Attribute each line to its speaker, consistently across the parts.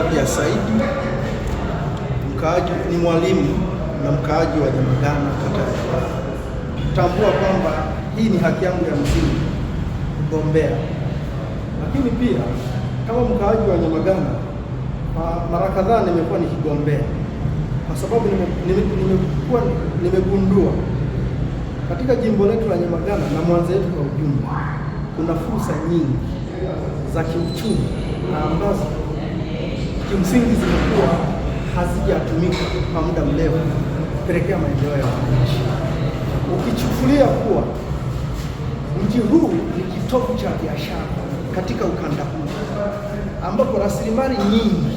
Speaker 1: Abdi Saidi mkaaji, ni mwalimu na mkaaji wa Nyamagana, kata ya Tambua kwamba hii ni haki yangu ya msingi kugombea, lakini pia kama mkaaji wa Nyamagana, mara kadhaa nimekuwa nikigombea kwa sababu nimekuwa nimegundua katika jimbo letu la Nyamagana na Mwanza yetu kwa ujumla kuna fursa nyingi za kiuchumi na ambazo kimsingi zimekuwa hazijatumika kwa muda mrefu kupelekea maendeleo ya wananchi, ukichukulia kuwa mji huu ni kitovu cha biashara katika ukanda huu, ambapo rasilimali nyingi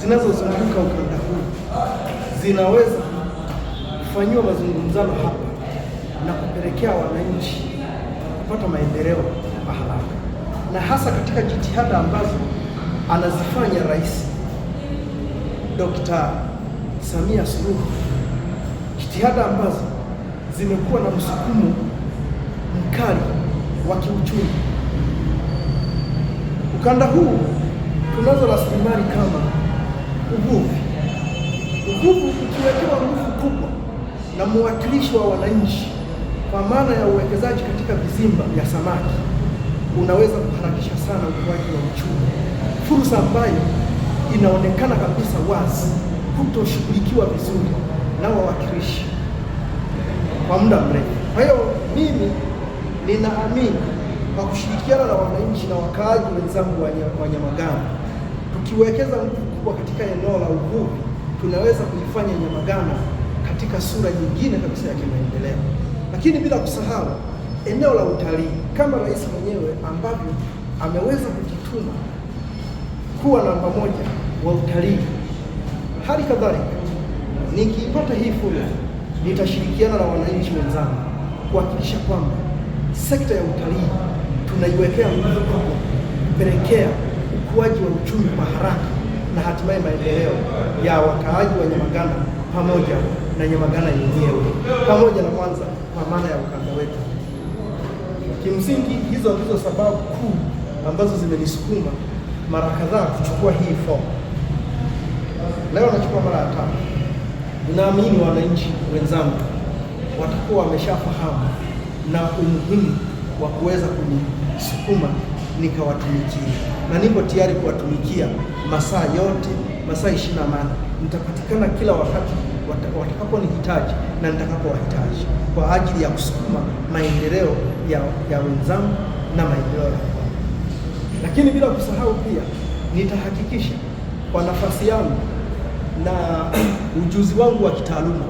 Speaker 1: zinazozunguka ukanda huu zinaweza kufanyiwa mazungumzano hapa na kupelekea wananchi kupata maendeleo kwa haraka, na hasa katika jitihada ambazo anazifanya Rais Dr. Samia Suluhu, jitihada ambazo zimekuwa na msukumo mkali wa kiuchumi. Ukanda huu tunazo rasilimali kama uvuvi. Uvuvi ukiwekewa nguvu kubwa na mwakilishi wa wananchi, kwa maana ya uwekezaji katika vizimba vya samaki unaweza kuharakisha sana ukuaji wa uchumi, fursa ambayo inaonekana kabisa wazi kutoshughulikiwa vizuri na wawakilishi kwa muda mrefu. Kwa hiyo mimi ninaamini kwa kushirikiana na wananchi na wakaaji wenzangu wa Nyamagana, tukiwekeza nguvu kubwa katika eneo la uvuvi, tunaweza kuifanya Nyamagana katika sura nyingine kabisa ya kimaendeleo, lakini bila kusahau eneo la utalii kama rais mwenyewe ambavyo ameweza kujituma kuwa namba moja wa utalii. Hali kadhalika nikiipata hii fursa, nitashirikiana na wananchi wenzangu kuhakikisha kwamba sekta ya utalii tunaiwekea nguvu kubwa kupelekea ukuaji wa uchumi kwa haraka na hatimaye maendeleo ya wakaaji wa Nyamagana pamoja na Nyamagana yenyewe pamoja na Mwanza kwa maana ya ukanda wetu. Kimsingi hizo ndizo sababu kuu ambazo zimenisukuma mara kadhaa kuchukua hii fomu. Leo nachukua mara ya tano. Naamini wananchi wenzangu watakuwa wameshafahamu na umuhimu wa kuweza kunisukuma nikawatumikia, na niko tayari kuwatumikia masaa yote, masaa ishirini na nne nitapatikana kila wakati watakaponihitaji na nitakapowahitaji kwa ajili ya kusukuma maendeleo ya, ya wenzangu na maendeleo ya lakini bila kusahau pia nitahakikisha kwa nafasi yangu na ujuzi wangu wa kitaaluma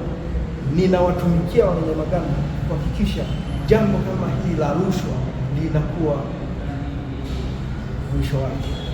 Speaker 1: ninawatumikia magana kuhakikisha jambo kama hili la rushwa linakuwa mwisho wake.